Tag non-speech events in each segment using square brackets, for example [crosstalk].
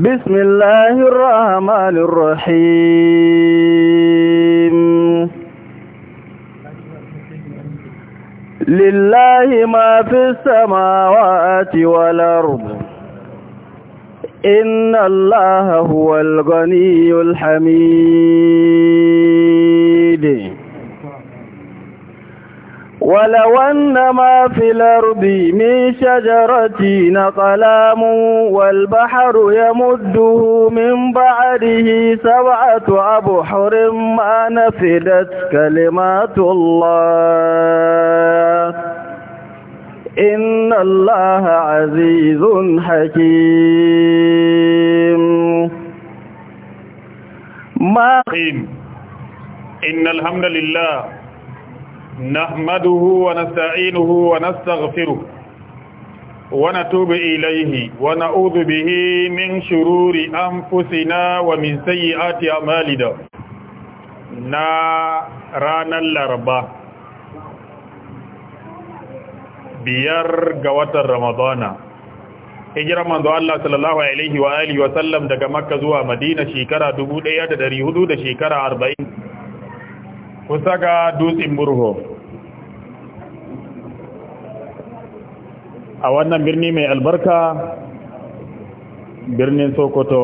بسم الله الرحمن الرحيم لله ما في السماوات والأرض إن الله هو الغني الحميد ولو أن ما في الأرض من شجرة نقلام والبحر يمده من بعده سبعة أبحر ما نفدت كلمات الله إن الله عزيز حكيم ما إن الحمد لله نحمده ونستعينه ونستغفره ونتوب إليه ونعوذ به من شرور أنفسنا ومن سيئات أمالنا نارانا الأربع biyar ga watan Ramadana hijirar manzo Allah sallallahu alaihi wa alihi sallam daga Makka zuwa Madina shekara 1400 da shekara 40 kusa ga dutsin Burho a wannan birni mai albarka birnin sokoto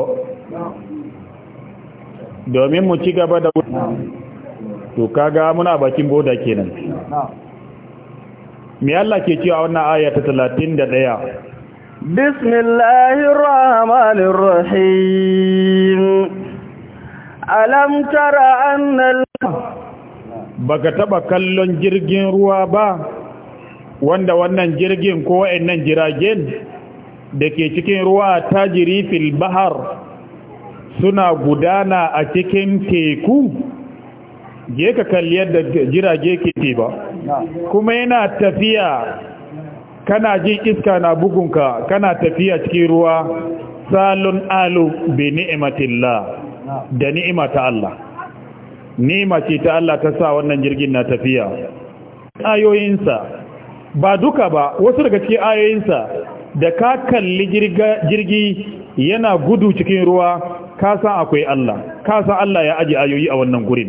domin mu ci gaba da to kaga muna bakin boda kenan me Allah ke cewa wannan aya ta 31 bismillahir rahmanir rahim alam tara annal baka taba kallon jirgin ruwa ba wanda wannan jirgin ko wa'annan jiragen da ke cikin ruwa ta fil bahar suna gudana a cikin teku je ka kalli yadda jirage ke ce ba kuma yana tafiya kana ji iska na bugunka kana tafiya cikin ruwa salon alu bi da ni'ima ta Allah ni'ima ce ta Allah ta sa wannan jirgin na tafiya ayoyinsa ba duka ba wasu daga cikin ayoyinsa da ka kalli jirgi yana gudu cikin ruwa ka san akwai Allah ka san Allah ya aji ayoyi a wannan gurin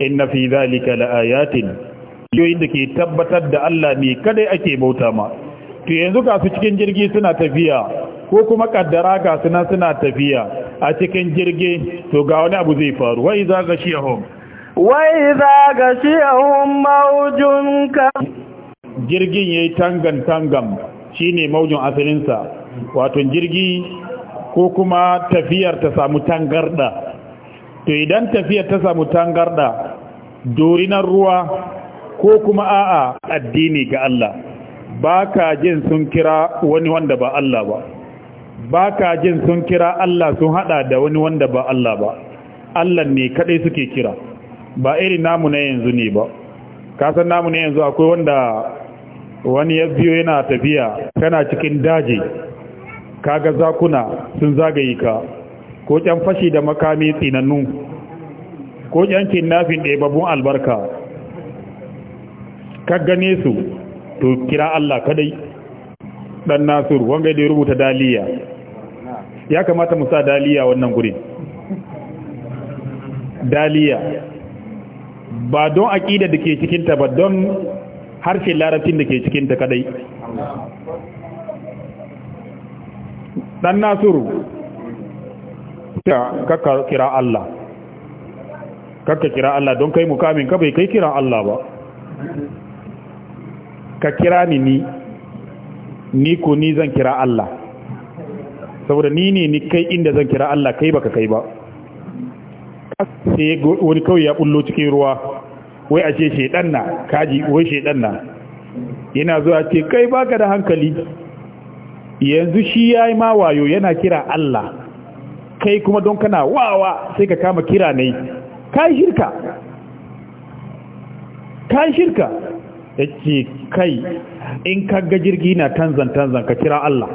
inna fi zalika laayatin ayoyin da ke tabbatar da Allah ne kadai ake bauta ma to yanzu ga su cikin jirgi suna tafiya ko kuma kaddara ga suna suna tafiya a cikin jirgi to ga wani abu zai faru wai za ga shiyahum wai za ga shiyahum maujun ka jirgin ya yi tangan-tangan shi ne maujin asalinsa wato jirgi ko kuma tafiyar ta samu tangarda to idan tafiyar ta samu tangarda dorinar ruwa ko kuma a'a addini ga Allah ba ka jin sun kira wani wanda ba Allah ba ba ka jin sun kira Allah sun hada da wani wanda ba Allah ba Allah ne kadai suke kira ba irin namu na yanzu ne ba kasan namu na yanzu akwai wanda wani ya biyo yana tafiya kana cikin daji kaga zakuna sun zagaye ka ko kyan fashi da makami tsinannu ko ƙyan kinnafin ɗebabun albarka ka gane su to kira Allah kadai dan nasur wanga da rubuta daliya ya kamata mu sa daliya wannan gurin daliya ba don aƙida da ke cikinta ba don harshe larabcin da ke cikin ta kadai dan nasiru kakka kira Allah kakka kira Allah don kai mukamin ka bai kai kira Allah ba ka kira ni ni ni ko ni zan kira Allah saboda ni ne ni kai inda zan kira Allah kai baka kai ba sai wani kawai ya bullo cikin ruwa wai a ce shedan na kaji wai shedan na yana zuwa ce kai baka da hankali yanzu shi yayi ma wayo yana kira Allah kai kuma don kana wawa sai ka kama kira ne kai shirka kai shirka ce kai in ka ga jirgi na tanzan tanzan ka kira Allah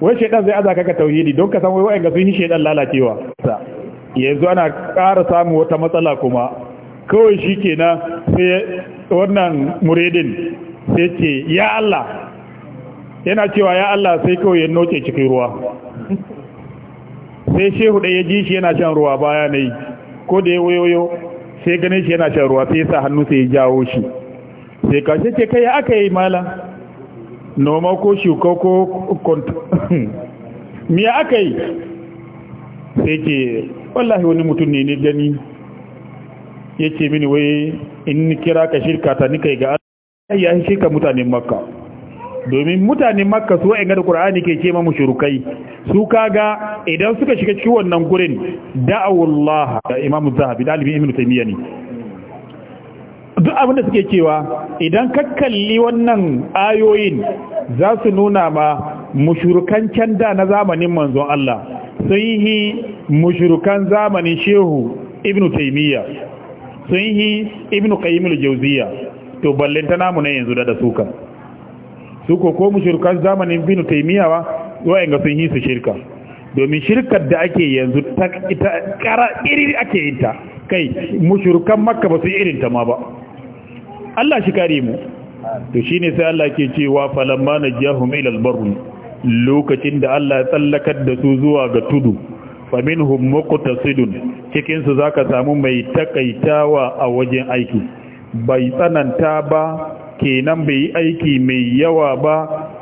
wai shedan zai azaka ka tauhidi don ka san wai ga sun yi shedan lalacewa yanzu ana ƙara samu wata matsala kuma kawai shi ke na sai wannan muridin sai ce ya Allah yana cewa ya Allah sai kawai ya noce cikin ruwa sai shehu ɗaya ji shi yana shan ruwa baya na yi ko da ya wayoyo sai ganin shi yana shan ruwa sai sa hannu sai ya jawo shi sai kashe ce kai aka yi mala noma ko shuka ko kwanta [laughs] miya aka yi sai ke wallahi wani mutum ne ne gani yake mini wai in kira ka shirka ta ni kai ga Allah ya shirka mutanen makka domin mutanen makka su wa'in da qur'ani ke ce ma mushrikai su kaga idan suka shiga cikin wannan gurin da'awullah da imam zahabi da alibi ibn taymiya ne duk abin da suke cewa idan ka kalli wannan ayoyin za su nuna ma mushurukan can da na zamanin manzon Allah sun yi mushurukan zamanin shehu ibn taimiyya sun yi ibnu qayyim jawziya to ballanta namu ne yanzu da da suka su ko ko mushrikan zamanin ibnu taymiya wa wayanga sun yi su shirka domin shirkar da ake yanzu ta ita kara iri ake yin ta kai mushrikan makka ba su irin ta ma ba Allah shi kare mu to shine sai Allah ke cewa falamma najahum ila al lokacin da Allah ya tsallakar da su zuwa ga tudu faminhum muqtasidun cikin su zaka samu mai takaitawa a wajen aiki bai tsananta ba kenan bai aiki mai yawa ba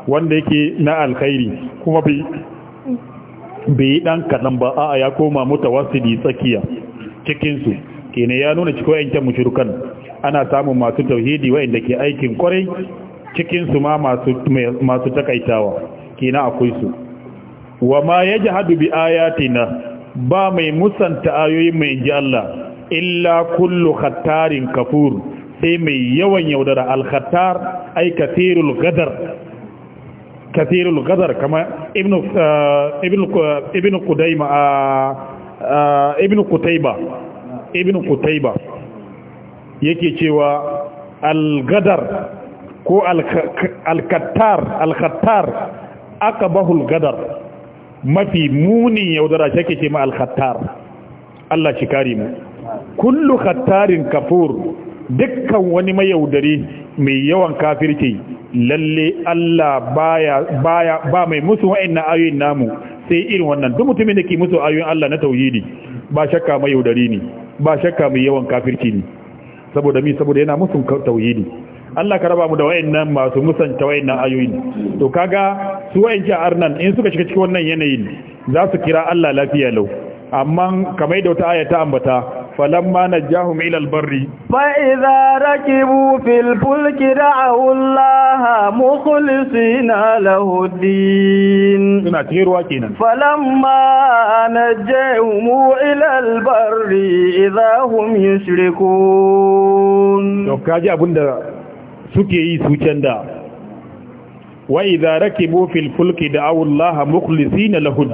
wanda yake na alkhairi kuma bai bai dan kadan ba a ya koma mutawassidi tsakiya cikin kenan ya nuna cikin ayyancan mushrikan ana samun masu tauhidi waɗanda ke aikin kwarai Cikinsu ma masu masu takaitawa kenan akwai su wa ma yajhadu bi ayatina ba mai musanta ayoyi mai inji Allah illa kullu khattarin kafur sai mai yawan yaudara al-khattar ay kathirul gadar kathirul gadar kama ibn uh, ibn uh, ibn qudayma uh, ibn qutayba ibn qutayba yake cewa al-gadar ko al-khattar al-khattar aqabahu al-gadar mafi muni yaudara shake ce ma al-khattar Allah shi kare mu kullu khattarin kafur dukkan wani mai yaudari mai yawan kafirci lalle Allah baya baya ba mai musu wa'annan ayoyin namu sai irin wannan duk mutumin da ke musu ayoyin Allah na tauhidi ba shakka mai yaudari ne ba shakka mai yawan kafirci ne saboda mi saboda yana musu tauhidi Allah ka raba mu da wa'annan masu musanta wa'annan ayoyin to kaga su wa'in ja'ar nan in suka shiga cikin wannan yanayin za su kira Allah lafiya lau amma kamar da wata aya ta ambata falamma najahum ila albarri fa idza rakibu fil fulki da'u Allah mukhlisina lahu din ina tirwa kenan falamma najahum ila albarri idza hum yushrikun to kaji abunda suke yi su canda Wai idza rakibu fil fulki da'u Allah mukhlisina lahu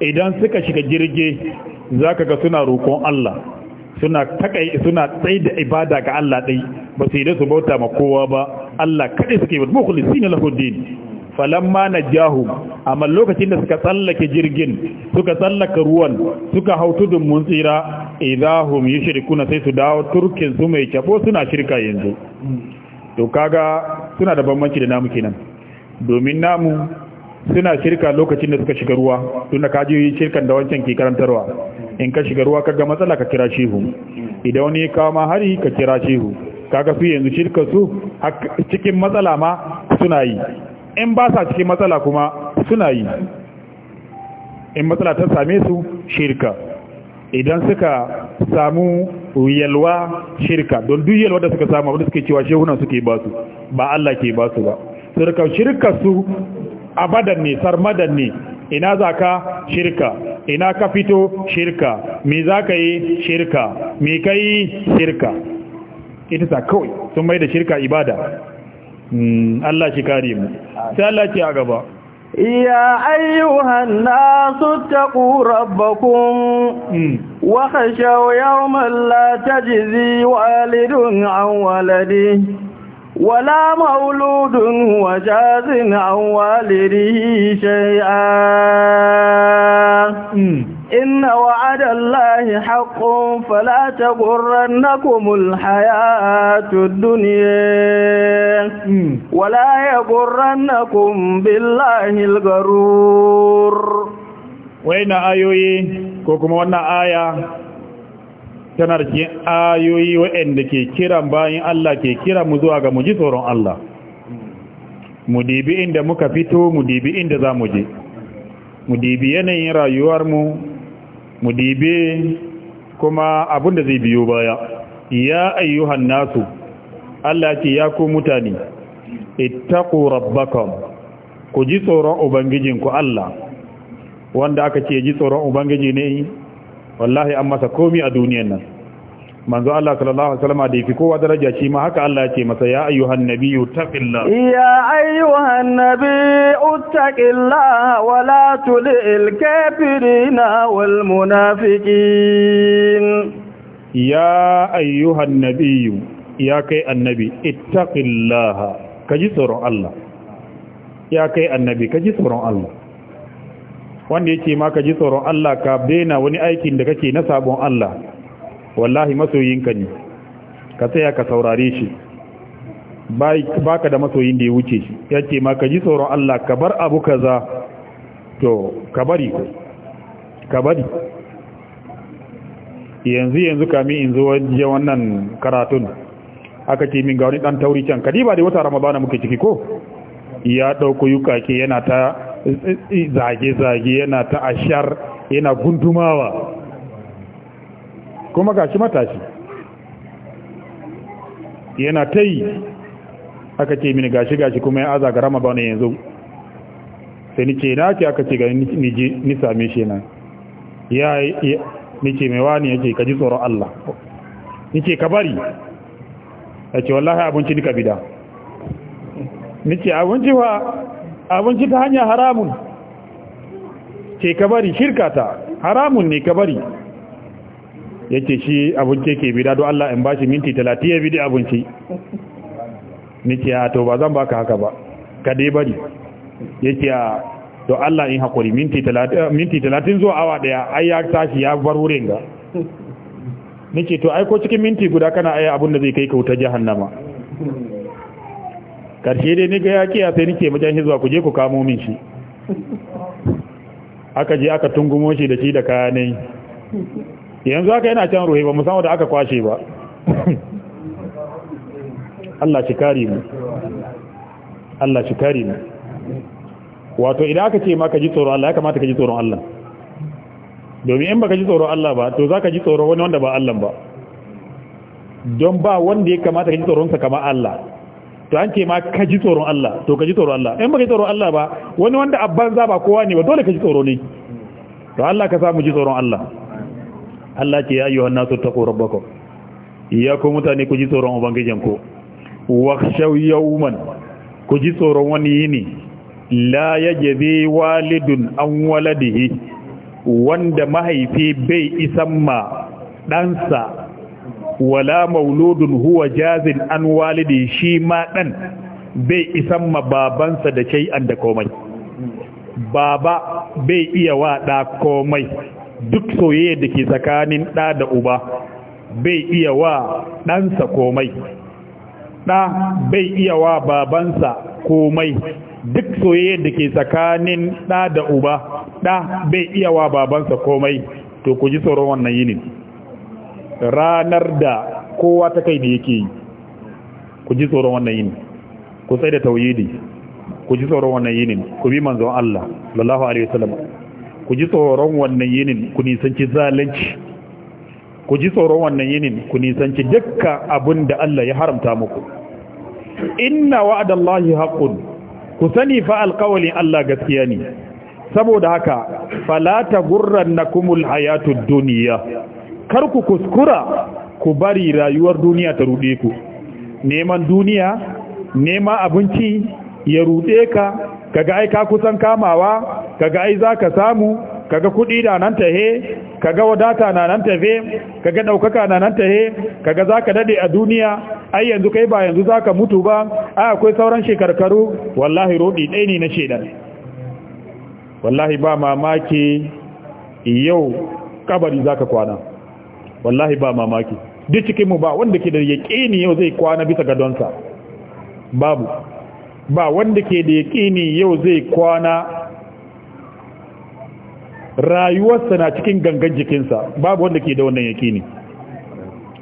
idan suka shiga jirge zaka ga suna roƙon Allah suna takai suna tsaida ibada ga Allah ɗai, ba su yi da su bauta ma kowa ba Allah kadai suke yi mukhlisina lahu din falamma najahu amma lokacin da suka tsallake jirgin suka tsallaka ruwan suka hau tudun mun tsira idahum shirkuna sai su dawo turkin su mai kyabo suna shirka yanzu to kaga suna da bambanci da namu kenan domin namu suna shirka lokacin da suka shiga ruwa tunda ka ji shirkan da wancan ke karantarwa in ka shiga ruwa kaga matsala ka kira shehu idan wani ya kawo ma hari ka kira shehu kaga su yanzu shirka su cikin matsala ma suna yi in ba sa cikin matsala kuma suna yi in matsala ta same su shirka idan suka samu yalwa shirka don duk yalwa da suka samu abinda suke cewa shehuna suke ba su ba Allah ke ba su ba shirka shirka su abadan ne sarmadan ne ina za ka shirka ina ka fito shirka me za ka yi shirka me ka shirka ita sa kawai sun mai da shirka ibada hmm, Allah shi kare mu sai Allah ce a gaba يا أيها الناس اتقوا ربكم وخشوا يوما لا تجزي والد عن ولده ولا مولود هو جاز عن والده شيئا إن وعد الله حق فلا تغرنكم الحياة الدنيا ولا يغرنكم بالله الغرور وين آيوي كوكم وانا آية tana da ayoyi waɗanda ke kiran bayan Allah ke kira mu zuwa ga mu tsoron Allah mu dibi inda muka fito mu dibi inda za mu je mu dibi yanayin rayuwar mu dibi kuma abinda zai biyo baya ya ayyuhan nasu Allah ce ya ku mutane ittaqu rabbakum ku ji tsoron ubangijinku Allah wanda aka ce ji tsoron ubangiji ne wallahi an masa komi a duniyan nan manzo Allah sallallahu alaihi wasallam da yafi kowa daraja shi ma haka Allah ya ce masa ya ayyuhan nabiyyu taqillah ya ayyuhan nabiyyu taqillah wa la tulil kafirina wal munafiqin ya ayyuhan nabiyyu ya kai annabi ittaqillaha kaji tsoron Allah ya kai annabi kaji tsoron Allah wanda yake ka ji tsoron Allah ka bena wani aikin da kake na sabon Allah wallahi masoyinka ne ka tsaya ka saurare shi baka da masoyin da ya wuce shi yake ka ji tsoron Allah ka bar abu kaza to ka bari ka bari yanzu yanzu kami in zo wajen wannan karatun aka ce min ga wani dan tauri can kadiba da wata ramadana muke ciki ko ya dauko ke yana ta zage-zage yana ta ashar yana gundumawa kuma ga shi matashi yana ta yi aka ce mini gashi-gashi kuma ya aza garama ba ne yanzu sai ni ce na ce aka ce ga ni same shi na ya ni ce mai wani ya ce ka ji tsoron Allah ni ce ka bari ya ce wallahi abinci ni ka bida ni ce abinci wa abinci ta hanya haramun ce ka bari shirka ta haramun ne ka bari ya ce shi abinci ke bi dadu Allah in bashi minti 30 ya bidi abinci nike ya to ba zan baka haka ba ka dai bari yake ya to Allah in haƙuri minti talatin eh, zuwa awa daya ai ya tashi ya bar wurin ga nike to aiko cikin minti guda kana ai abin da zai kai ka wuta jahannama karshe dai ni ga ya kiya sai nike mutan hizba ku je ku kamo min shi aka je aka tungumo shi da shi da kaya ne yanzu aka yana can ruhe ba musamman da aka kwashe ba Allah shi kare mu Allah shi kare mu wato idan aka ce ma ka ji tsoron Allah ya kamata ka ji tsoron Allah domin in baka ji tsoron Allah ba to zaka ji tsoron wani wanda ba Allah ba don ba wanda ya kamata ka ji tsoron sa kamar Allah to an ce ma ka ji tsoron Allah to ka ji tsoron Allah in ba ka ji tsoron Allah ba wani wanda abban za ba kowa ne ba dole ka ji tsoro ne to Allah ka samu ji tsoron Allah Allah ce ya ayyuhan nasu taqu rabbakum ya ku mutane ku ji tsoron ubangijinku yau yawman ku ji tsoron wani yini la yajzi walidun an waladihi wanda mahaifi bai isan ma ɗansa wala mauludun huwa jazin an walidi shi ma ɗan bai isan ma babansa da an da komai baba bai iya wa komai duk soyayya da ke tsakanin ɗa da uba bai iya wa ɗansa komai ɗa bai iya wa babansa komai duk soyayya da ke tsakanin ɗa da uba ɗa bai iya wa babansa komai to ku ji tsoron wannan yinin ranar da kowa ta kai da yake yi ku ji tsoron wannan yini ku tsaye da tauhidi ku ji tsoron wannan yinin ku bi manzon Allah sallallahu alaihi wasallam ku ji tsoron wannan yinin ku nisanci zalunci ku ji tsoron wannan yinin ku nisanci dukkan abin da Allah ya haramta muku inna wa'adallahi haqqun ku sani fa alqawli Allah gaskiya ne saboda haka fala tagurrannakumul hayatud dunya kar ku kuskura ku bari rayuwar duniya ta ruɗe ku neman duniya nema abinci ya rude ka kaga ai ka kusan kamawa kaga ai zaka samu kaga kudi da nan tahe kaga wadata na nan tafe kaga ɗaukaka na nan tahe kaga zaka daɗe a duniya ai yanzu kai ba yanzu zaka mutu ba ai akwai sauran shekarkaru wallahi rodi dai ne na shedan wallahi ba mamaki yau kabari zaka kwana wallahi ba mamaki duk cikin mu ba wanda ke da yaqini yau zai kwana bisa gadonsa babu ba wanda ke da yaqini yau zai kwana rayuwarsa na cikin gangan jikinsa babu wanda ke da wannan yaqini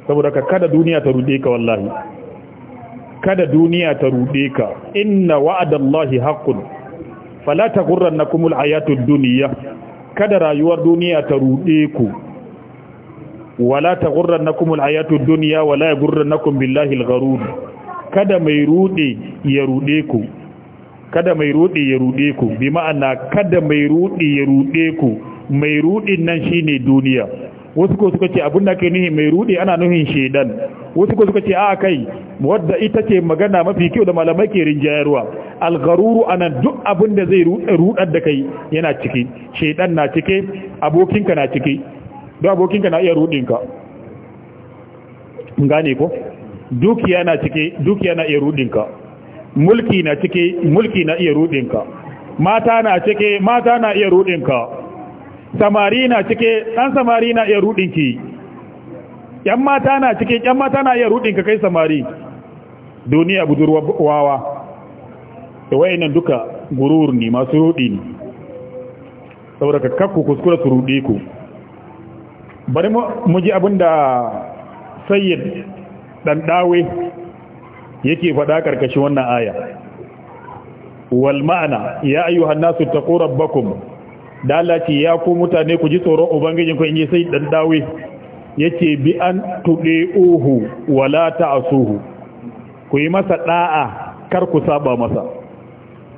saboda ka kada duniya ta rude ka wallahi kada duniya ta rude ka inna wa'adallahi haqqun fala taghurrannakumul hayatud dunya kada rayuwar duniya ta rude ku wala na kuma ad duniya wala ya yaghurrannakum billahi al garuru. kada mai rude ya rude ku kada mai rude ya rude ku bi ma'ana kada mai rude ya rude ku mai rudin nan shine duniya wasu ko suka ce abin da ke nuhi mai rude ana nuhin shedan wasu ko suka ce a kai wadda ita ce magana mafi kyau da malamai ke rinjayarwa algaruru ana duk abin da zai rudar da kai yana ciki shedan na cike abokinka na ciki don abokinka na iya rudinka gane ko dukiya na cike dukiya na iya rudinka mulki na cike mulki na iya rudinka mata na cike mata na iya rudinka samari na cike dan samari na iya rudinki yan mata na cike yan mata na iya rudinka kai samari duniya budurwa wawa da wayannan duka gurur ne masu rudi ne saboda kakku kuskura su rudi ku bari mu ji abin da sayyid dan dawe yake faɗa karkashin wannan aya wal ma'ana ya ayyuhan nasu taqu rabbakum da ya ku mutane ku ji tsoron ubangijin ku inji Sayyid dan dawe yake bi an tudiuhu wala ta'suhu ku yi masa da'a kar ku saba masa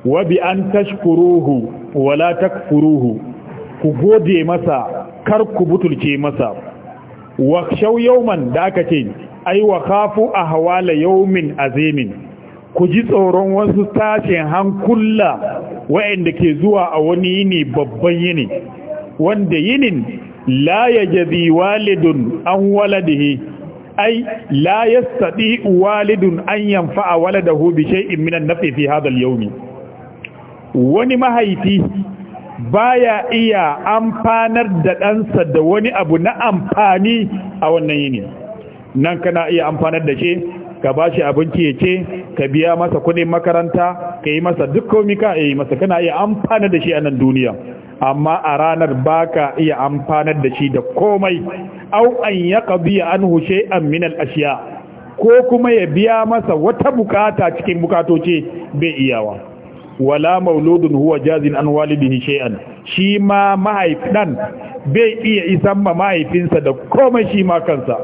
wa bi an tashkuruhu wala takfuruhu ku gode masa kar ku butulce masa wa shaw yawman da aka ce ai wa khafu ahwala yawmin azimin ku ji tsoron wasu tashin hankula wa'anda ke zuwa a wani yini babban yini wanda yinin la yajzi walidun an waladihi ai la yastati walidun an yanfa'a waladahu bi shay'in min nafi fi hadha al-yawm wani mahaifi baya iya amfanar da ɗansa da wani abu na amfani a wannan yini nan kana iya amfanar da shi ka ba shi abinci ya ce ka biya masa kuɗin makaranta ka yi masa duk komi ka yi masa kana iya amfanar da shi a nan duniya amma a ranar baka iya amfanar da shi da komai au an ya qadiya an hushe an minal ashiya ko kuma ya biya masa wata bukata cikin bukatoci bai iyawa wala mauludun huwa jazin an walidihi shay'an shi ma mahaifin bai iya isan ma mahaifinsa da komai shi ma kansa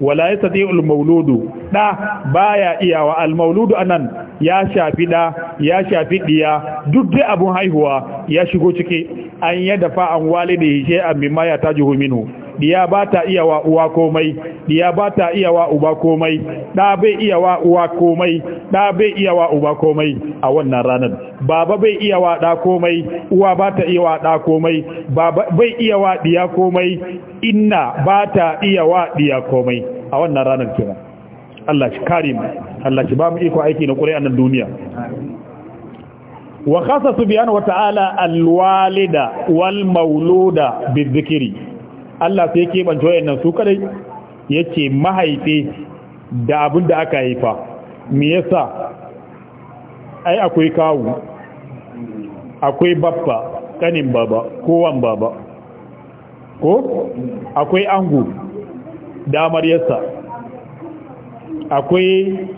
wala yastati'ul mauludu da baya iyawa al mauludu anan ya shafi da ya shafi diya duk dai abun haihuwa ya shigo ciki an yadafa an walidihi shay'an mimma jihu minhu diya ba ta iya wa uwa komai diya ba ta iya wa uba komai da bai iya wa uwa komai da bai iya wa uba komai a wannan ranar baba bai iya wa da komai uwa ba ta iya wa da komai baba bai iya wa diya komai inna ba ta iya wa diya komai a wannan ranar kenan Allah shi karim Allah shi ba mu iko aiki na a nan duniya wa bi an wa ta'ala alwalida wal mauluda dhikri Allah sai yake banto wayannan su kadai yace mahaifi da abin da aka haifa me yasa ai akwai kawu akwai babba kanin baba kowan baba ko akwai angu, damar yasa akwai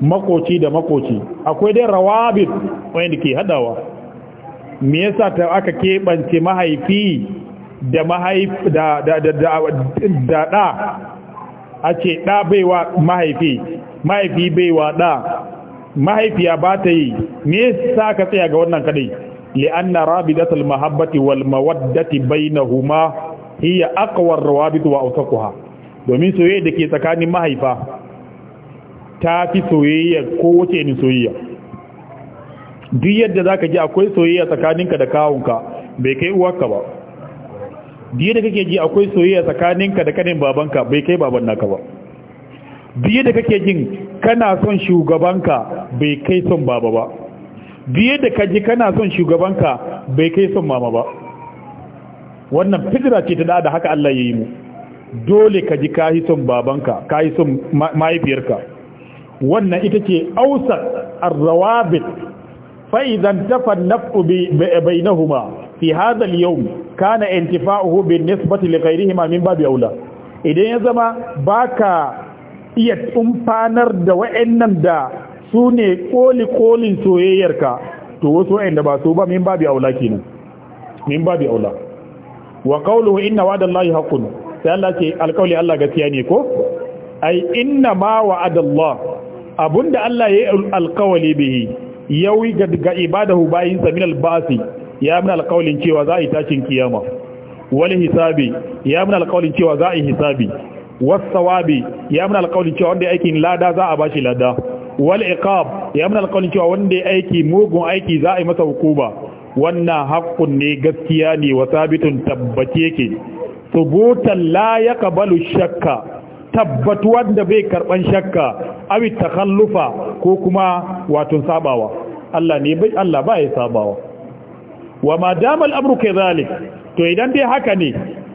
makoci da makoci akwai dai rawabit wanda ke hadawa me yasa ta aka keɓance mahaifi da mahaifi da da a ce ɗa baiwa mahaifi mahaifi baiwa ɗa mahaifiya ba ta yi me sa ka tsaya ga wannan kadai li'anna rabidatul mahabbati wal mawaddati bainahuma hiya aqwa rawabit wa awsaquha domin soyayya dake tsakanin mahaifa ta fi soyayya ko wace ni soyayya duk yadda zaka ji akwai soyayya tsakaninka da kawunka bai kai uwarka ba biye da kake ji akwai soyayya tsakaninka da kanin babanka bai kai baban naka ba biye da kake jin kana son shugabanka bai kai son baba ba biye da kaji kana son shugabanka bai kai son mama ba wannan fitira ce ta da haka Allah ya yi mu dole kaji kayi son babanka kayi son mahaifiyarka wannan ita ce ausar ar-rawabit fa idan tafa naf'u bainahuma fi hada al-yawm kana intifa'uhu bin nisbati li ma min babi aula idan ya zama baka iya tumfanar da wa'annan da su ne koli kolin soyayyarka to wasu wa'anda ba su ba min babi aula kenan min babi aula wa qawluhu inna allahi haqqun sai Allah ce alƙawli Allah gaskiya ne ko ai inna ma allah abunda Allah ya yi alƙawali bihi yawi ga ibadahu bayinsa min al-basi ya min alƙawalin cewa za a yi tashin kiyama wani hisabi ya min alƙawalin cewa za a yi hisabi was ya min alƙawalin cewa wanda aikin lada za a bashi lada wal iqab ya min alƙawalin cewa wanda aiki mugun aiki za a yi masa hukuma wannan haƙƙun ne gaskiya ne wa sabitun tabbace ke subutan la yaqbalu shakka tabbatuwar wanda bai karban shakka abi takallufa ko kuma wato sabawa Allah ne bai Allah ba ya sabawa wa ma dama al'amru kadhalik to idan dai haka ne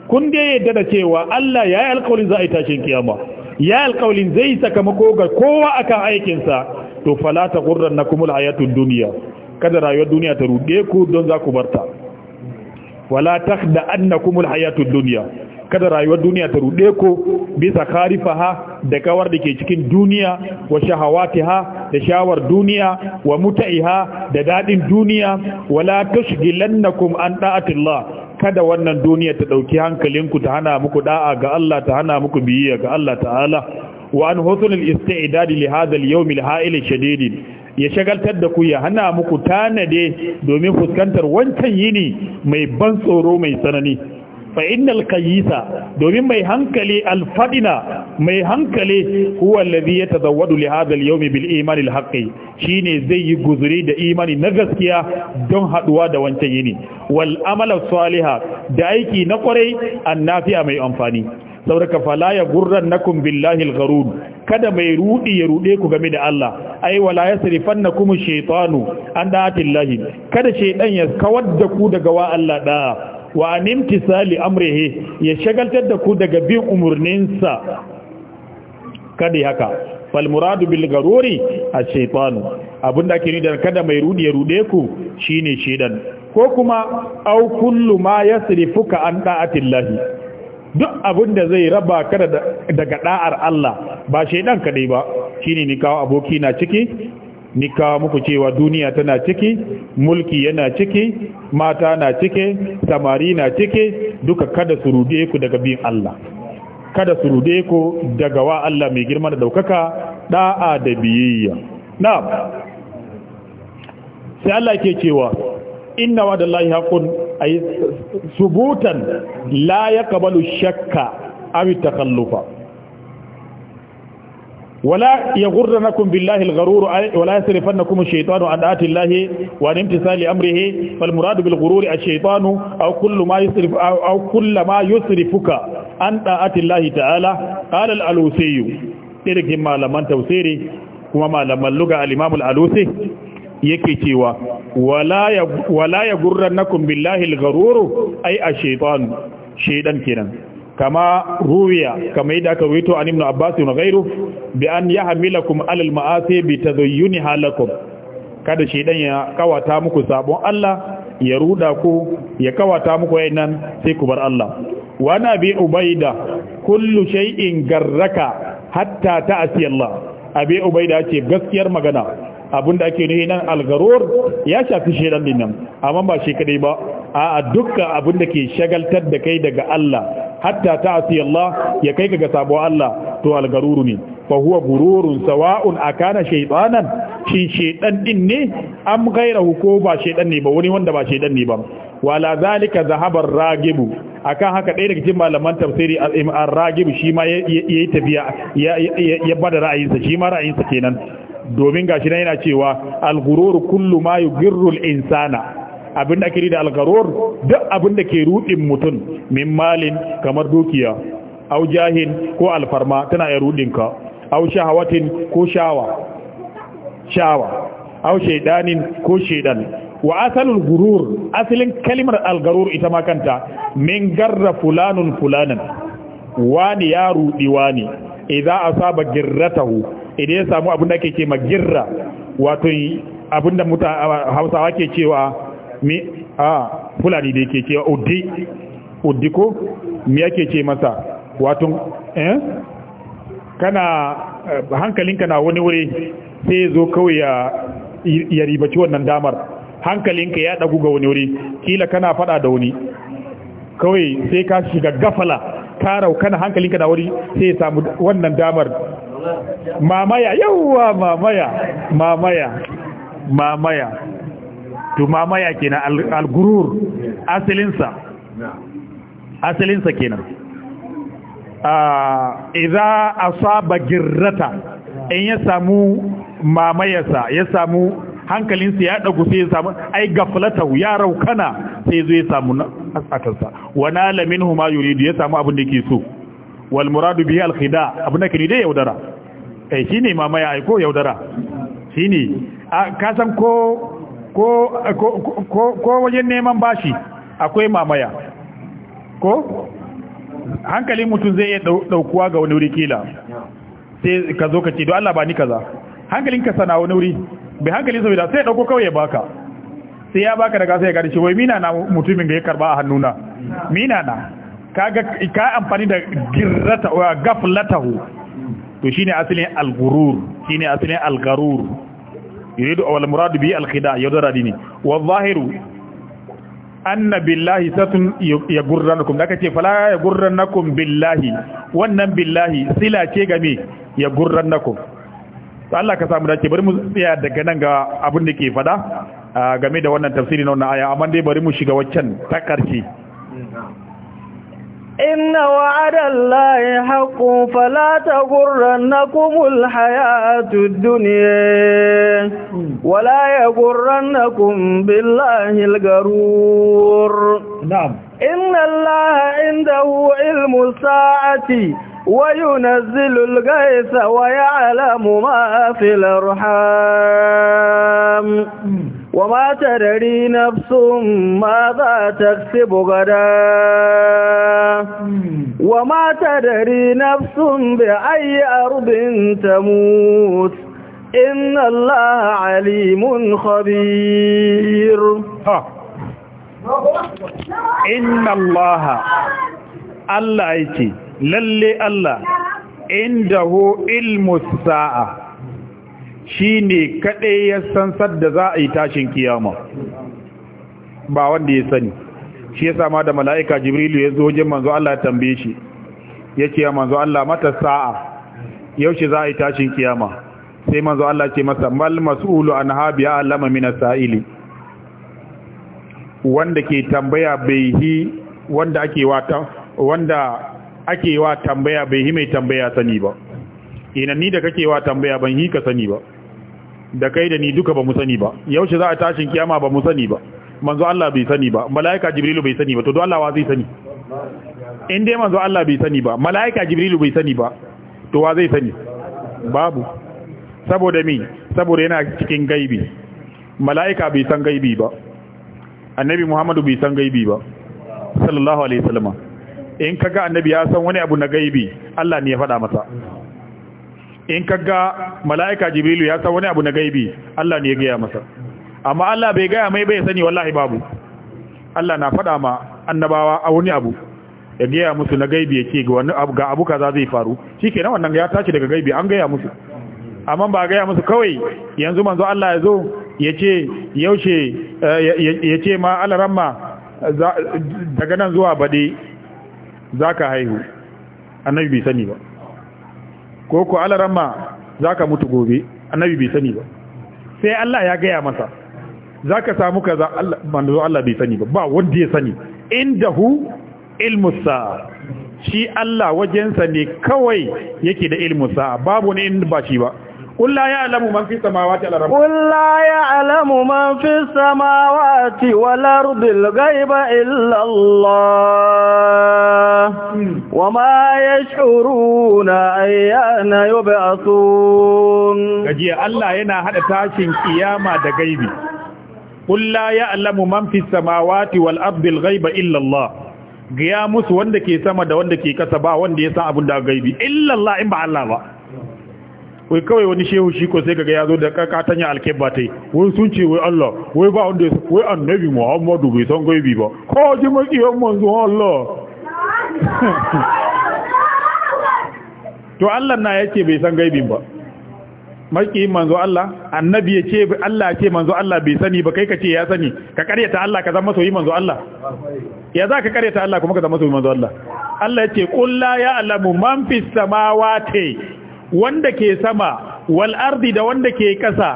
kun dai yadda da cewa Allah ya yi alƙawarin za a yi tashin kiyama ya yi alƙawarin zai sakamako ga kowa akan aikinsa to fala ta gurran na kuma hayatun duniya kada rayuwar duniya ta ruɗe ku don za ku barta wala ta da an na hayatun duniya kada rayuwar duniya ta rude ko bisa karifaha da kawar da ke cikin duniya wa shahawatiha da shawar duniya wa muta'iha da dadin duniya wala tushghilannakum an da'atillah kada wannan duniya ta dauki hankalinku ta hana muku da'a ga Allah ta hana muku biyayya ga Allah ta'ala wa an husnul isti'dad li hadha al-yawm al-ha'il shadid ya shagaltar da ku ya hana muku tanade domin fuskantar wancan yini mai ban tsoro mai tsanani fa innal qayyisa domin mai hankali alfadina mai hankali huwa alladhi yatazawwadu li hadha al-yawm bil iman al-haqqi shine zai yi guzuri da imani na gaskiya don haduwa da wancan yini wal amala da aiki na kwarai annafi'a mai amfani sauraka fala ya gurran nakum billahi al-gharud kada mai rudi ya rude ku game da Allah ai wala yasrifannakum ash-shaytanu an da'atillahi kada shaydan ya kawar da ku daga wa Allah da'a wa an amrihi ya shagaltar da ku daga bin umurninsa kada haka fal muradu bil garuri ash-shaytanu abinda ke nida kada mai rudi ya rude ku shine shedan ko kuma au kullu ma yasrifuka an da'atillahi duk abinda zai raba kada daga da'ar Allah ba shedan kadai ba shine ni kawo aboki na ciki ni kawo muku cewa duniya tana ciki mulki yana ciki mata na ciki samari na cike, duka kada su rude ku daga bin Allah kada su rude ku daga wa Allah mai girma da daukaka da'a da biyayya na'am sai Allah ke cewa inna wa'dallahi haqqun ay subutan la yaqbalu shakka aw takallufa ولا يغرنكم بالله الغرور ولا يصرفنكم الشيطان عن طاعة الله وعن امتثال امره فالمراد بالغرور الشيطان او كل ما يصرف او, أو كل ما يصرفك عن طاعة الله تعالى قال الالوسي ترك malaman tafsiri kuma malaman lugha al-imam al-alusi yake cewa wala ya wala yagurrannakum billahi al-gharur ay ash-shaytan shaydan kenan kama ruwiya kama yadda aka wito an ibn abbas ibn ghairu bi an yahmilakum ma'asi bi tadayyuni halakum kada shi dan ya kawata muku sabon Allah ya ruda ku ya kawata muku wayannan sai ku bar Allah wa nabi ubaida kullu shay'in garraka hatta ta'si Allah abi ubaida ce gaskiyar magana abinda ake nuhi nan algaror ya shafi shedan din nan amma ba shi kadai ba a'a dukkan abinda ke shagaltar da kai daga Allah hatta ta'si Allah ya kai ga ga sabo Allah to algaruru ne fa huwa gururun sawa'un akana shaytanan shi shaydan din ne am ghayrahu ko ba shaydan ne ba wani wanda ba shaydan ne ba wala zalika zahabar ragibu akan haka ɗaya daga cikin malaman tafsiri ar shi ma yayi tafiya ya bada ra'ayinsa shi ma ra'ayinsa kenan domin gashi nan yana cewa al-ghurur kullu ma yugirru al-insana abin da ake da algaror duk abin da ke rudin mutum min malin kamar dukiya au jahin ko alfarma tana ya rudin ka au shahawatin ko shawa shawa au shaidanin ko shaidan wa asalul gurur asalin kalimar Algaror ita ma kanta min garra fulanun fulanan wani ya rudi wani idza asaba girratahu idan ya samu abin da ake ce ma girra wato abin da Hausawa ke cewa mi a fulani da yake cewa odi odi ko me yake ce masa wato eh kana eh, hankalinka na wani wuri sai ya zo kawai ya ya ribaci wannan damar hankalinka ya dagu ga wani wuri kila kana fada da wani kawai sai ka shiga gafala ka kana hankalinka na wuri sai ya samu wannan damar mamaya yawwa mamaya mamaya mamaya tumamaya kenan al-gurur asalinsa asalinsa kenan idza asaba girrata in ya samu mamayarsa ya samu hankalinsa ya dagu sai ya samu ai gaflata ya raukana sai zo ya samu akansa wana la minhu ma yuridu ya samu abin da yake so wal muradu bihi al khida abin da kini dai yaudara kai eh, shine mamaya ai ko yaudara shine ka san ko ko wajen neman bashi akwai mamaya ko hankalin mutum zai iya daukuwa ga wani wuri kila sai ka zo ka ce don Allah ba ni kaza hankalin ka sana wani wuri bai hankali saboda sai ya dauko kawai ya baka sai ya baka daga sai ya gari wai mina na mutumin da ya karba a hannuna mina na kaga ka amfani da girrata wa gaflatahu to shine asalin al shine asalin al yuridu wal muradu bi al khida yaudara dini wa zahiru anna billahi satun yagurrannakum da kace fala yagurrannakum billahi wannan billahi sila ce game yagurrannakum to Allah ka samu dace bari mu tsaya daga nan ga abin da ke faɗa game da wannan tafsiri na wannan aya amma dai bari mu shiga waccan ta karshe إن وعد الله حق فلا تغرنكم الحياة الدنيا ولا يغرنكم بالله الغرور نعم إن الله عنده علم الساعة وينزل الغيث ويعلم ما في الأرحام وما تدري نفس ماذا تكسب غدا وما تدري نفس بأي أرض تموت إن الله عليم خبير إن الله الله يتي للي الله عنده علم الساعه shi ne kaɗai ya san sadda za a yi tashin kiyama ba wanda ya sani shi ya sama da mala'ika jibrilu ya zo wajen manzo Allah ya tambaye shi ya ce manzo Allah mata sa'a yaushe za a yi tashin kiyama sai manzo Allah ce masa mal mas'ulu an habiya alama mina sa'ili wanda ke tambaya bai hi wanda ake wata wanda ake wa tambaya bai hi mai tambaya sani ba ina ni da kake wa tambaya ban hi ka sani ba da kai da ni duka ba mu sani ba yaushe za a tashin kiyama ba mu sani ba manzo Allah bai sani ba malaika jibrilu bai sani ba to don Allah wa zai sani in dai manzo Allah bai sani ba malaika jibrilu bai sani ba to wa zai sani babu saboda mi saboda yana cikin gaibi malaika bai san gaibi ba annabi Muhammadu bai san gaibi ba sallallahu alaihi wasallam in kaga annabi ya san wani abu na gaibi Allah ne ya faɗa masa in kaga mala'ika jibrilu ya san wani abu na gaibi Allah ne ya gaya masa amma Allah bai gaya mai bai sani wallahi babu Allah na faɗa ma annabawa a wani abu ya gaya musu na gaibi yake ga wani abu ga abu kaza zai faru shikenan wannan ya tashi daga gaibi an gaya musu amma ba gaya musu kawai yanzu manzo Allah ya zo yace yaushe eh, yace ma alaramma daga nan zuwa bade zaka haihu annabi bai sani ba ko ko alarama zaka mutu gobe annabi bai sani ba sai Allah ya gaya masa zaka samu ka Allah manzo Allah bai sani ba ba wanda ya sani inda hu sa shi Allah wajensa ne kawai yake da sa babu ne in ba shi ba قل لا يعلم من في السماوات والأرض قل لا يعلم من في السماوات والأرض الغيب إلا الله وما يشعرون أيان يبعثون كجي الله ينا هذا تاشين قيامة دا غيبي قل لا يعلم من في السماوات والأرض الغيب إلا الله gaya musu wanda ke sama da wanda ke kasa ba wanda ya san abin da gaibi illa Allah in ba Allah ba wai kawai wani shehu shi ko sai kaga ya zo da kakatanya alkebba ta yi wai sun ce wai Allah wai ba wanda wai annabi Muhammadu bai san gaibi ba ko ji makiyan manzo Allah [laughs] to Allah na yake bai san gaibin ba Maki manzo Allah annabi ya ce Allah ce manzo Allah bai sani ba kai ka ce ya sani ka karyata Allah ka zama soyi manzo Allah ya za ka karyata Allah kuma ka zama soyi manzo Allah Allah ya ce qul la ya'lamu man fis samawati wanda ke sama wal ardi da wanda ke ƙasa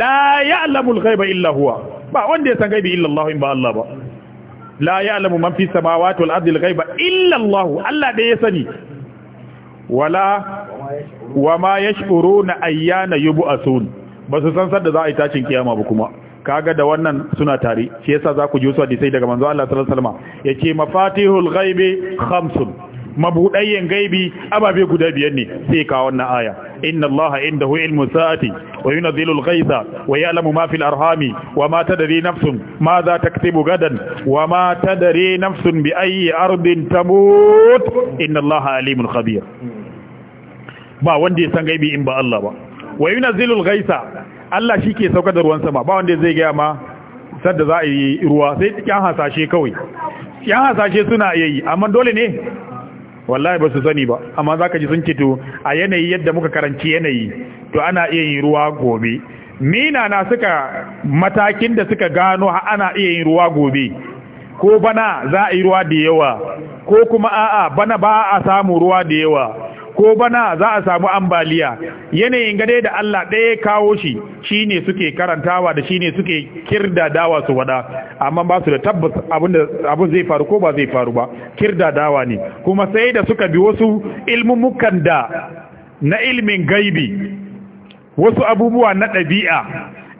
la ya ya'lamul ghaiba illa huwa ba wanda ya san gaibi illa Allah in ba Allah ba la ya alamu man fi sama wal ardi al ghaiba illa Allah Allah da ya sani wala wa ma ya yash'uruna ayyana yub'asun ba su san sadda za a yi tashin kiyama ba kuma kaga da wannan suna tare shi yasa za ku ji wasu hadisai daga manzo Allah sallallahu alaihi wasallam yace mafatihul ghaibi khamsun mabudayyen gaibi ababe guda biyar ne sai ka wannan aya inna allaha indahu ilmu sa'ati wa yunzilu al-ghaytha wa ya'lamu ma fil arhami wa ma tadri nafsun ma za taktibu gadan wa ma tadri nafsun bi ayyi ardin tamut inna allaha alimun khabir ba wanda ya san gaibi in ba Allah ba wa yunzilu al-ghaytha Allah shike saukar da ruwan sama ba wanda zai ga ma sadda za a yi ruwa sai kyan hasashe kawai yan hasashe suna yayi amma dole ne wallahi ba su sani ba amma za ka ji sun cito a yanayi yadda muka karanci yanayi to ana iya yin ruwa gobe mina na suka matakin da suka gano ana iya yin ruwa gobe ko bana za a yi ruwa da yawa ko kuma a'a bana ba a samu ruwa da yawa ko bana za a samu ambaliya yanayin gane da Allah ɗaya kawo shi shine suke karantawa da shine suke dawa su wada amma ba su da tabbas abin zai faru ko ba zai faru ba kirda dawa ne kuma sai da suka bi wasu ilmumukan da na ilmin gaibi wasu abubuwa na ɗabi'a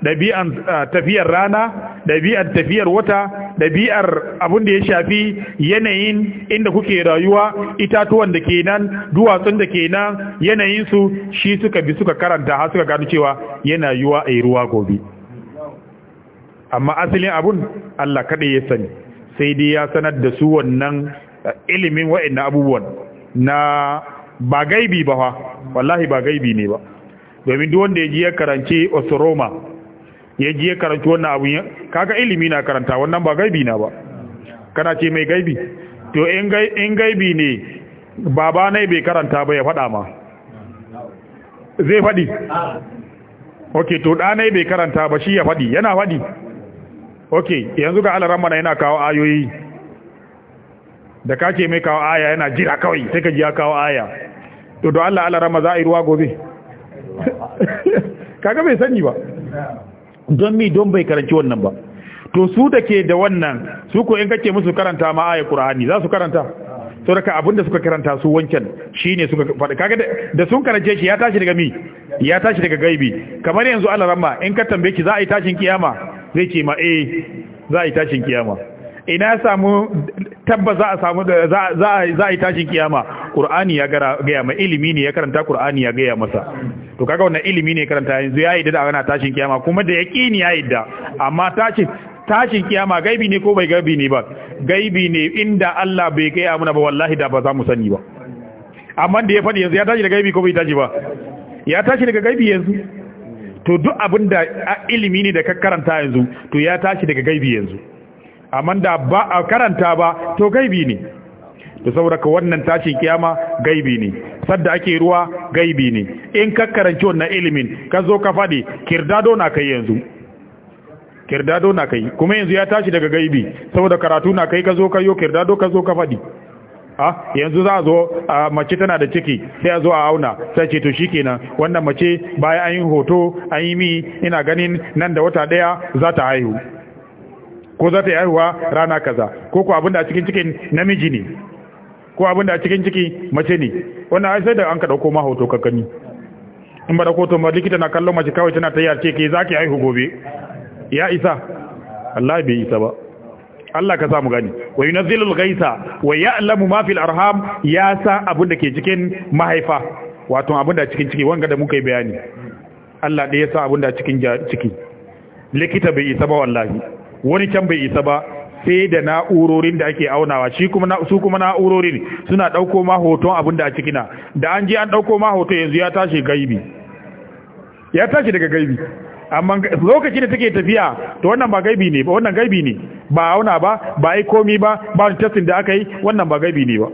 ɗabi'an ah, tafiyar rana ɗabi'ar tafiyar wata ɗabi'ar abin da ya shafi yanayin inda kuke rayuwa itatuwan da ke nan duwatsun da ke nan yanayinsu shi suka bi suka karanta har suka gano cewa yana yiwuwa a ruwa gobe amma asalin abun Allah kaɗai ya sani sai dai ya sanar da su wannan ah, ilimin wa'in abubuwan na ba gaibi ba wallahi ba gaibi ne ba domin duk wanda ya ji ya karanci osoroma ya ji ya karanci wannan abu ya kaga ilimi na karanta wannan ba gaibi na ba kana ce mai gaibi to in gaibi ne baba nai bai karanta ba ya faɗa ma zai faɗi ok to ne bai karanta ba shi ya faɗi yana faɗi ok yanzu ga Allah mana yana kawo ayoyi da ka ce mai kawo aya yana jira kawai sai ka ji ya kawo aya to don allah Allah ma za a yi ruwa gobe [laughs] kaga bai sani ba don mi don bai karanci wannan ba to su da ke da wannan su ko in kake musu karanta ma ayat qur'ani za su karanta to daga abinda suka karanta su wancan shine suka faɗi kaga da sun karance shi ya tashi daga mi ya tashi daga gaibi kamar yanzu Allah ramma in ka tambaye ki za a yi tashin kiyama zai ce ma eh za a yi tashin kiyama ina ya samu tabba za a samu za a yi tashin kiyama qur'ani ya gaya ma ilimi ne ya karanta qur'ani ya gaya masa to kaga wannan ilimi ne karanta yanzu ya yadda da ana tashin kiyama kuma da yaqini ya yadda amma tashin tashin kiyama gaibi ne ko bai gaibi ne ba gaibi ne inda Allah bai kai amuna ba wallahi da ba za mu sani ba amma da ya faɗi yanzu ya tashi da gaibi ko bai tashi ba ya tashi daga gaibi yanzu to duk abin da ilimi ne da ka karanta yanzu to ya tashi daga gaibi yanzu amma da ba a karanta ba to gaibi ne Da saboda wannan tashin kiyama gaibi ne sadda ake ruwa gaibi ne in ka karanci wannan ilimin ka zo ka faɗi kirdado na kai yanzu kirdado na kai kuma yanzu ya tashi daga gaibi saboda karatu na kai ka zo ka kirdado ka zo ka faɗi a ah, yanzu za a zo a mace tana da ciki sai a zo a auna sai ce to shikenan wannan mace bayan an yi hoto an yi mi ina ganin nan da wata daya za ta haihu ko za ta yi haihuwa rana kaza ko ko abinda a cikin cikin namiji ne ko abin da a cikin ciki mace ne wannan ai sai da an ka dauko ma hoto ka gani in ba da koto ma likita na kallon mace kawai tana tayar ce ke zaki aihu gobe ya isa Allah bai isa ba Allah ka samu gani wa yunzilul ghaisa wa ya'lamu ma fil arham ya sa abin da ke cikin mahaifa wato abin da cikin ciki wanga da muka yi bayani Allah ya sa abin da cikin ciki likita bai isa ba wallahi wani can bai isa ba sai da na'urorin da ake aunawa shi kuma su kuma na'urorin suna dauko ma hoton abin da a cikina da an je an dauko ma hoto yanzu ya tashi gaibi ya tashi daga gaibi amma lokacin da take tafiya to wannan ba gaibi ne ba wannan gaibi ne ba auna ba ba ai komi ba ba testing da aka yi wannan ba gaibi ne ba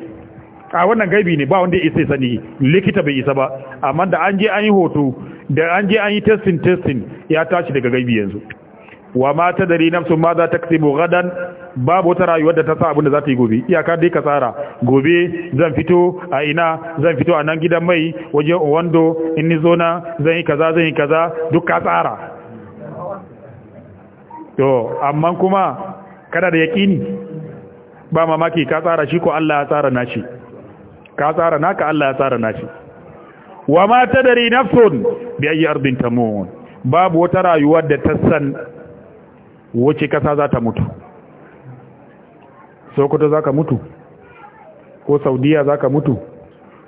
a wannan gaibi ne ba wanda ya isa sani likita bai isa ba amma da an je an yi hoto da an je an yi testing testing ya tashi daga gaibi yanzu wa ma tadari nafsu ma za ta kasibu gadan babu wata rayuwar da ta sa abin da za ta yi gobe iyaka dai ka tsara gobe zan fito a ina zan fito a nan gidan mai waje wando in ni zo na zan yi kaza zan yi kaza duk ka tsara to amma kuma kada da yaƙini ba mamaki ka tsara shi ko Allah ya tsara na shi, ka tsara naka Allah ya tsara na shi. wa ma tadari nafsun bi ayi ardin tamun babu wata rayuwar da ta san wace kasa za ta mutu sokoto za ka mutu ko saudiya za ka mutu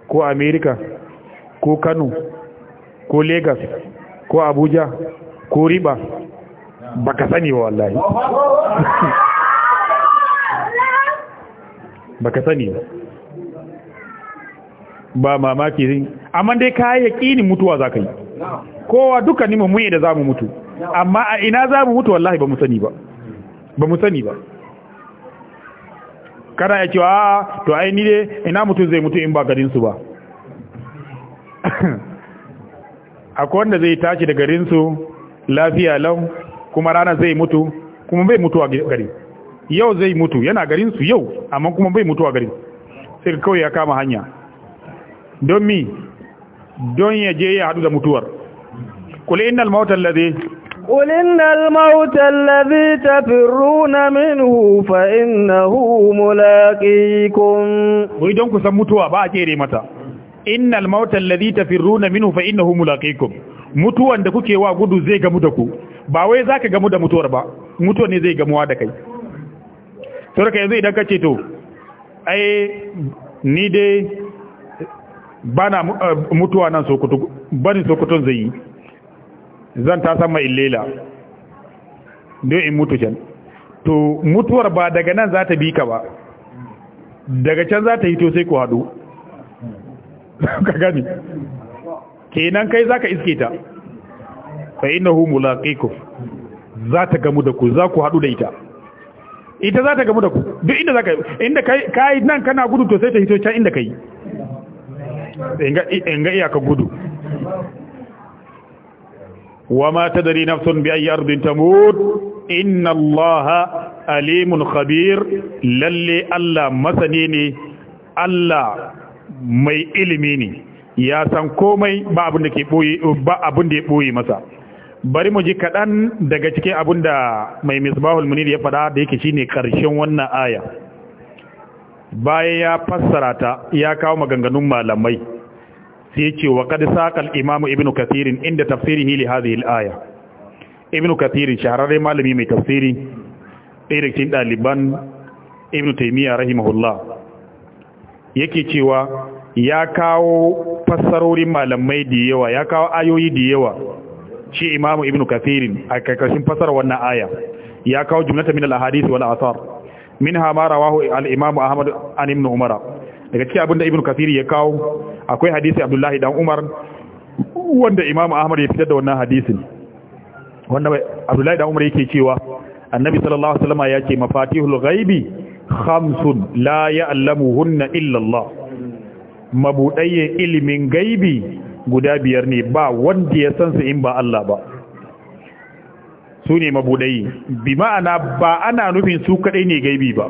ko amerika ko kano ko Legas, ko abuja ko riba ba ka sani wa wallahi [laughs] ba ka sani ba mamaki amma dai ka ni mutuwa za ka yi kowa dukkaninmu muye da za mu mutu amma a ina za mu mutu wallahi ba mu sani ba ba mu sani ba kana ya cewa to ai ni dai ina mutum zai mutu in ba garinsu ba [laughs] akwai wanda zai tashi da garinsu lafiya lau kuma rana zai mutu kuma bai mutu a gari yau zai mutu yana garinsu yau amma kuma bai mutu a gari sai kawai ya kama hanya don mi don ya je ya hadu da mutuwar kula innal mautar lade قل إن الموت الذي تفرون منه فإنه ملاقيكم ويدونك سموتوا باجيري متى إن الموت الذي تفرون منه فإنه ملاقيكم mutu wanda kuke wa gudu zai gamu da ku ba wai zaka gamu da mutuwar ba mutuwa ne zai gamuwa da kai to raka yanzu idan kace to ai ni dai bana eh, mutuwa nan sokoto bani sokoton zai yi zan ta sama illela don in mutu can to mutuwar ba daga nan za ta bi ka ba daga can za ta hito sai ku haɗu [laughs] ka gani kenan kai za ka iske ta fa innahu mulaqiku za ta gamu da ku za ku haɗu da ita ita za ta gamu da ku duk inda za ka inda kai nan kana gudu to sai ta hito can inda kai in ga iyaka gudu وما تدري نفس بأي أرض تموت إن الله أليم خبير للي ألا مسنيني ألا مي إلميني يا سنكومي komai ba abin da ke ba ya boye masa bari mu ji kadan daga cikin abin da mai misbahul munir ya faɗa da yake shine ƙarshen wannan aya bayan ya fassara ta ya kawo maganganun malamai sai yace wa qad saqal imamu ibnu kathir inda tafsirihi li hadhihi al-aya ibnu kathir shahararren malami mai tafsiri ɗaya cikin ɗaliban ibnu taymiya rahimahullah yake cewa ya kawo fassarorin malamai da yawa ya kawo ayoyi da yawa shi imamu ibnu kathir a karkashin fassarar wannan aya ya kawo jumlata min al-ahadith wal athar minha ma rawahu al-imam ahmad an ibn umara daga cikin abinda ibnu kathir ya kawo akwai hadisi abdullahi dan umar wanda imamu ahmad ya fitar da wannan hadisin wanda abdullahi dan umar yake cewa annabi sallallahu alaihi wasallam ya ce mafatihul ghaibi khamsun la ya'lamuhunna illa Allah mabudayye ilimin gaibi guda biyar ne ba wanda ya san su in ba Allah ba su ne mabudayi bi ma'ana ba ana nufin su kadai ne gaibi ba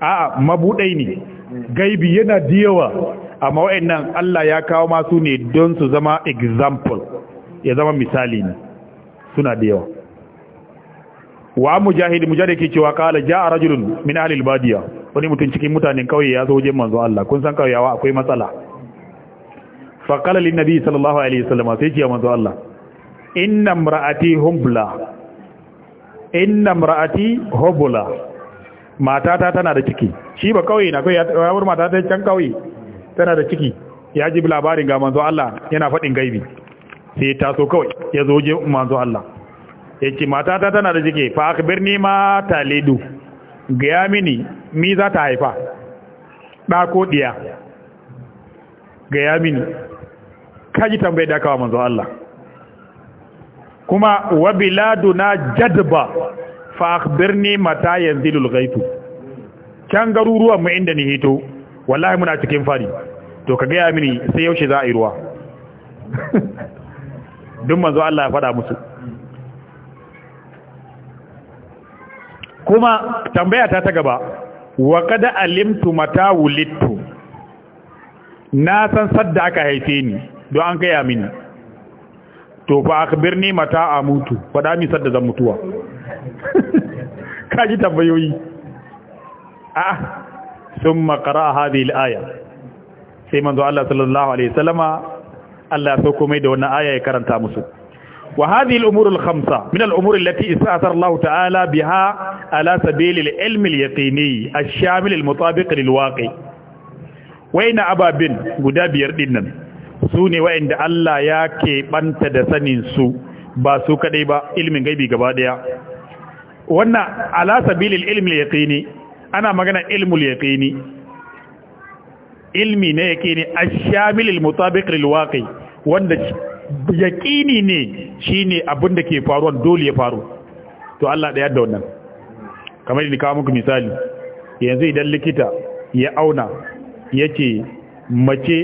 a'a mabudai ne gaibi yana diyawa. amma wa'annan Allah ya kawo masu ne don su zama example ya zama misali ne suna da yawa wa mujahid mujahid ke cewa kala ja'a rajulun min ahli albadiya wani mutum cikin mutanen kauye ya zo wajen manzo Allah kun san kauyawa akwai matsala fa qala lin nabi sallallahu alaihi wasallam sai ce manzo Allah inna imra'ati humbla inna imra'ati hubla matata tana da ciki shi ba kauye na kai ya bar matata can kauye tana da ciki ya ji labarin ga manzo Allah yana faɗin gaibi sai ta so kawai ya zo je manzo Allah ya ce matata tana da ciki fa akbirni ma talidu gaya mini mi za ta haifa ɗa ko ɗiya gaya mini kaji tambayi da kawo manzo Allah kuma wa biladuna jadba fa akhbirni mata yanzilul ghaitu can garuruwan mu inda ni hito wallahi muna cikin fari to ka gaya mini sai yaushe za a yi ruwa [laughs] duk manzo Allah ya faɗa musu kuma tambaya ta ta gaba wa kada alimtu mata wulittu na san sadda aka haife ni don an gaya mini to fa akhbirni mata a mutu faɗa mi sadda zan mutuwa [laughs] kaji tambayoyi a ثم قرأ هذه الآية sai manzo Allah sallallahu alaihi wasallama Allah ya sauko mai da wannan aya ya karanta musu wa hadhihi al-umur al-khamsa min isa umur allati ta'ala biha ala sabil al-ilm al-yaqini ash-shamil al-mutabiq lil-waqi guda biyar dinnan sune wayanda Allah ya ke banta da sanin su ba su kadai ba ilmin gaibi gaba daya wannan ala sabil 'ilmin ilm ana magana ilmul yaqini ilmi ne yaqini ash-shamil al-mutabiq lil-waqi wanda yaqini ne shine abin da ke faruwa dole ya faru to Allah da yadda wannan kamar ni kawo muku misali yanzu idan likita ya auna yace mace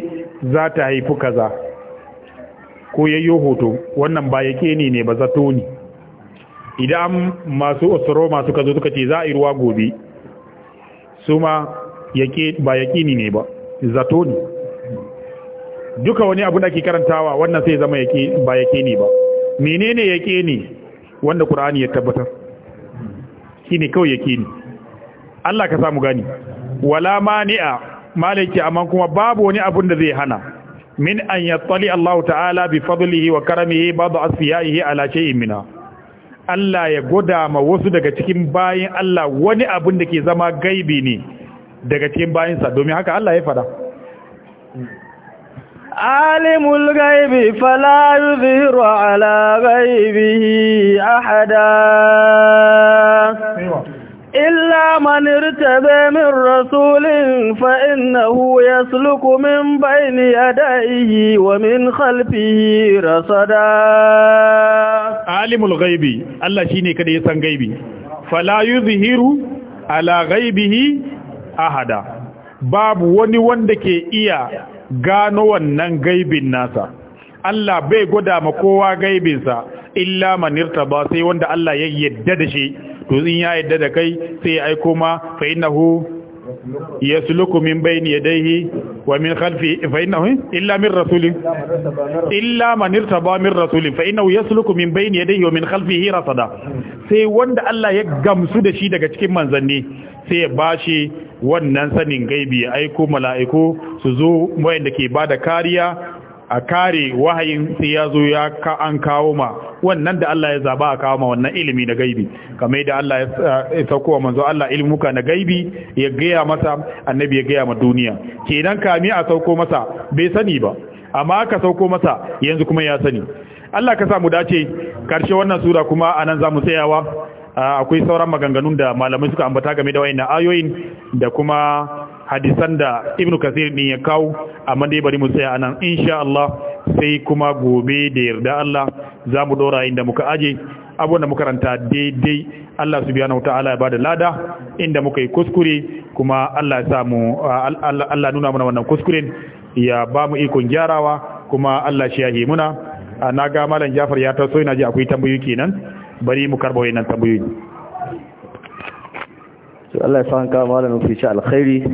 za ta haifi kaza ko yayyo hoto wannan ba yaqini ne ba zato ne idan masu osoro masu kazo suka ce za a yi ruwa gobe su ma ba yaƙini ne ba zato ne duka wani abu da ke karantawa wannan sai zama ba yaƙini ba menene ne wanda ƙura'ani ya tabbatar shine kawai ne Allah ka samu gani wala mani'a malaki amma kuma babu wani abun da zai hana min an yattali Allah ta'ala bi fadlihi wa karamihi ba'd asfiyaihi ala shay'in minna Allah ya gwada ma wasu daga cikin bayin Allah wani abin da ke zama gaibi ne daga cikin bayinsa domin haka Allah ya fada alimul gaibi fala yuzhiru ala gaibihi ahada إلا من ارتبى من رسول فإنه يسلك من بين يديه ومن خلفه رصدا عالم الغيب الله شيني كده يسان غيبي فلا يظهر على غيبه أحدا باب وني وندك إيا gano wannan gaibin nasa Allah bai gwada ma kowa gaibinsa illa manirta ba sai wanda Allah ya yadda da shi to in ya yadda da kai sai ya aiko ma fa innahu yasluku min bayni yadayhi wa min khalfi fa innahu illa min rasulin illa manirta ba min rasulin fa innahu yasluku min bayni yadayhi wa min khalfihi rasada sai wanda Allah ya gamsu da shi daga cikin manzanni sai ya bashi wannan sanin gaibi aiko mala'iku su zo wayanda ke bada kariya a kare wahayin sai ya zo ya ka an kawo ma wannan da Allah ya zaba a kawo ma wannan ilimi na gaibi kamar da Allah ya sauko wa manzo Allah ilmuka na gaibi ya gaya masa annabi ya gaya ma duniya kenan kami a sauko masa bai sani ba amma ka sauko masa yanzu kuma ya sani Allah ka sa mu dace karshe wannan sura kuma anan zamu tsayawa akwai sauran maganganun da malamai suka ambata game da wayannan ayoyin da kuma hadisan da ibn kasir ne ya kawo amma dai bari mu tsaya anan insha Allah sai kuma gobe da yarda Allah za mu dora inda muka aje abun da muka ranta daidai Allah subhanahu wataala ya bada lada inda muka yi kuskure kuma Allah ya samu Allah nuna mana wannan kuskuren ya ba mu ikon gyarawa kuma Allah shi ya yi muna na ga malam Jafar ya taso ina ji akwai tambayoyi kenan bari mu karba wayannan tambayoyi Allah ya san ka malamin fi sha alkhairi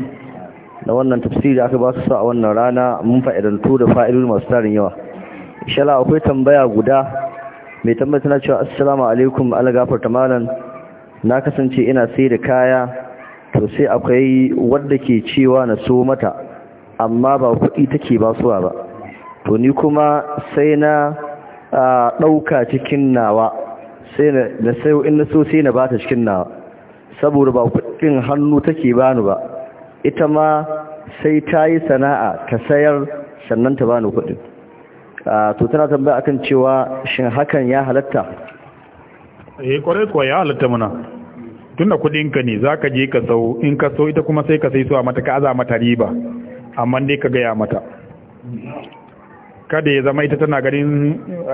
da wannan tafsiri aka ba su sa a wannan rana mun fa'idantu da fa’idun masu tarin yawa inshallah akwai tambaya guda mai tambaya tana cewa assalamu alaikum algafar tamanan na kasance ina sai da kaya to sai akwai wadda ke cewa na so mata amma ba kuɗi take basuwa ba to ni kuma sai na ɗauka cikin nawa sai na sayo in na so sai na bata cikin nawa saboda ba kuɗin hannu take bani ba ita ma sai ta yi sana'a ta sayar sannan ta bani kuɗin to tana tambaya akan cewa shin hakan ya halatta eh kwarai kuwa ya halatta muna tunda kuɗinka ne za ka je ka sau in ka sau ita kuma sai ka sai su a mata ka aza mata riba amma dai ka gaya mata kada ya zama ita tana ganin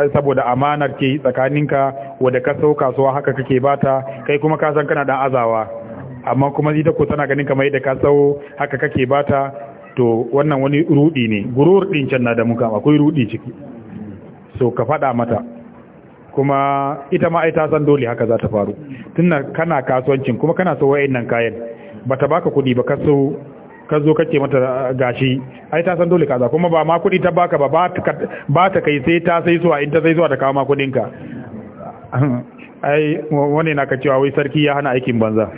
eh, saboda amanar ke tsakaninka wadda ka sau kasuwa haka kake bata kai kuma ka san kana dan azawa amma kuma ita ko tana ganin kamar yadda ka tsawo haka kake bata to wannan wani rudi ne gurur din can na da muka akwai rudi ciki so ka fada mata kuma ita ma ai ta san dole haka za ta faru tunda kana kasuwancin kuma kana so wayannan kayan bata baka kudi ba ka so ka zo kake mata ah, gashi ai ta san dole kaza kuma ba ma kudi ta baka ba ba ta kai sai ta sai zuwa in ta sai zuwa ta kawo ma kudin ka ai wani na ka cewa wai sarki ya hana aikin banza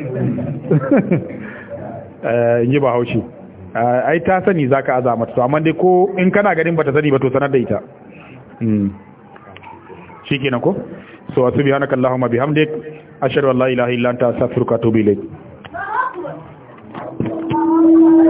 yi ba haushi ai ta sani za ka aza mata amma dai ko in kana ganin ba ta sani ba to sanar da ita hmm. shi kenan ko so subhanakallahumma bihamdik ashhadu an la ilaha illa anta astaghfiruka wa atubu ilayk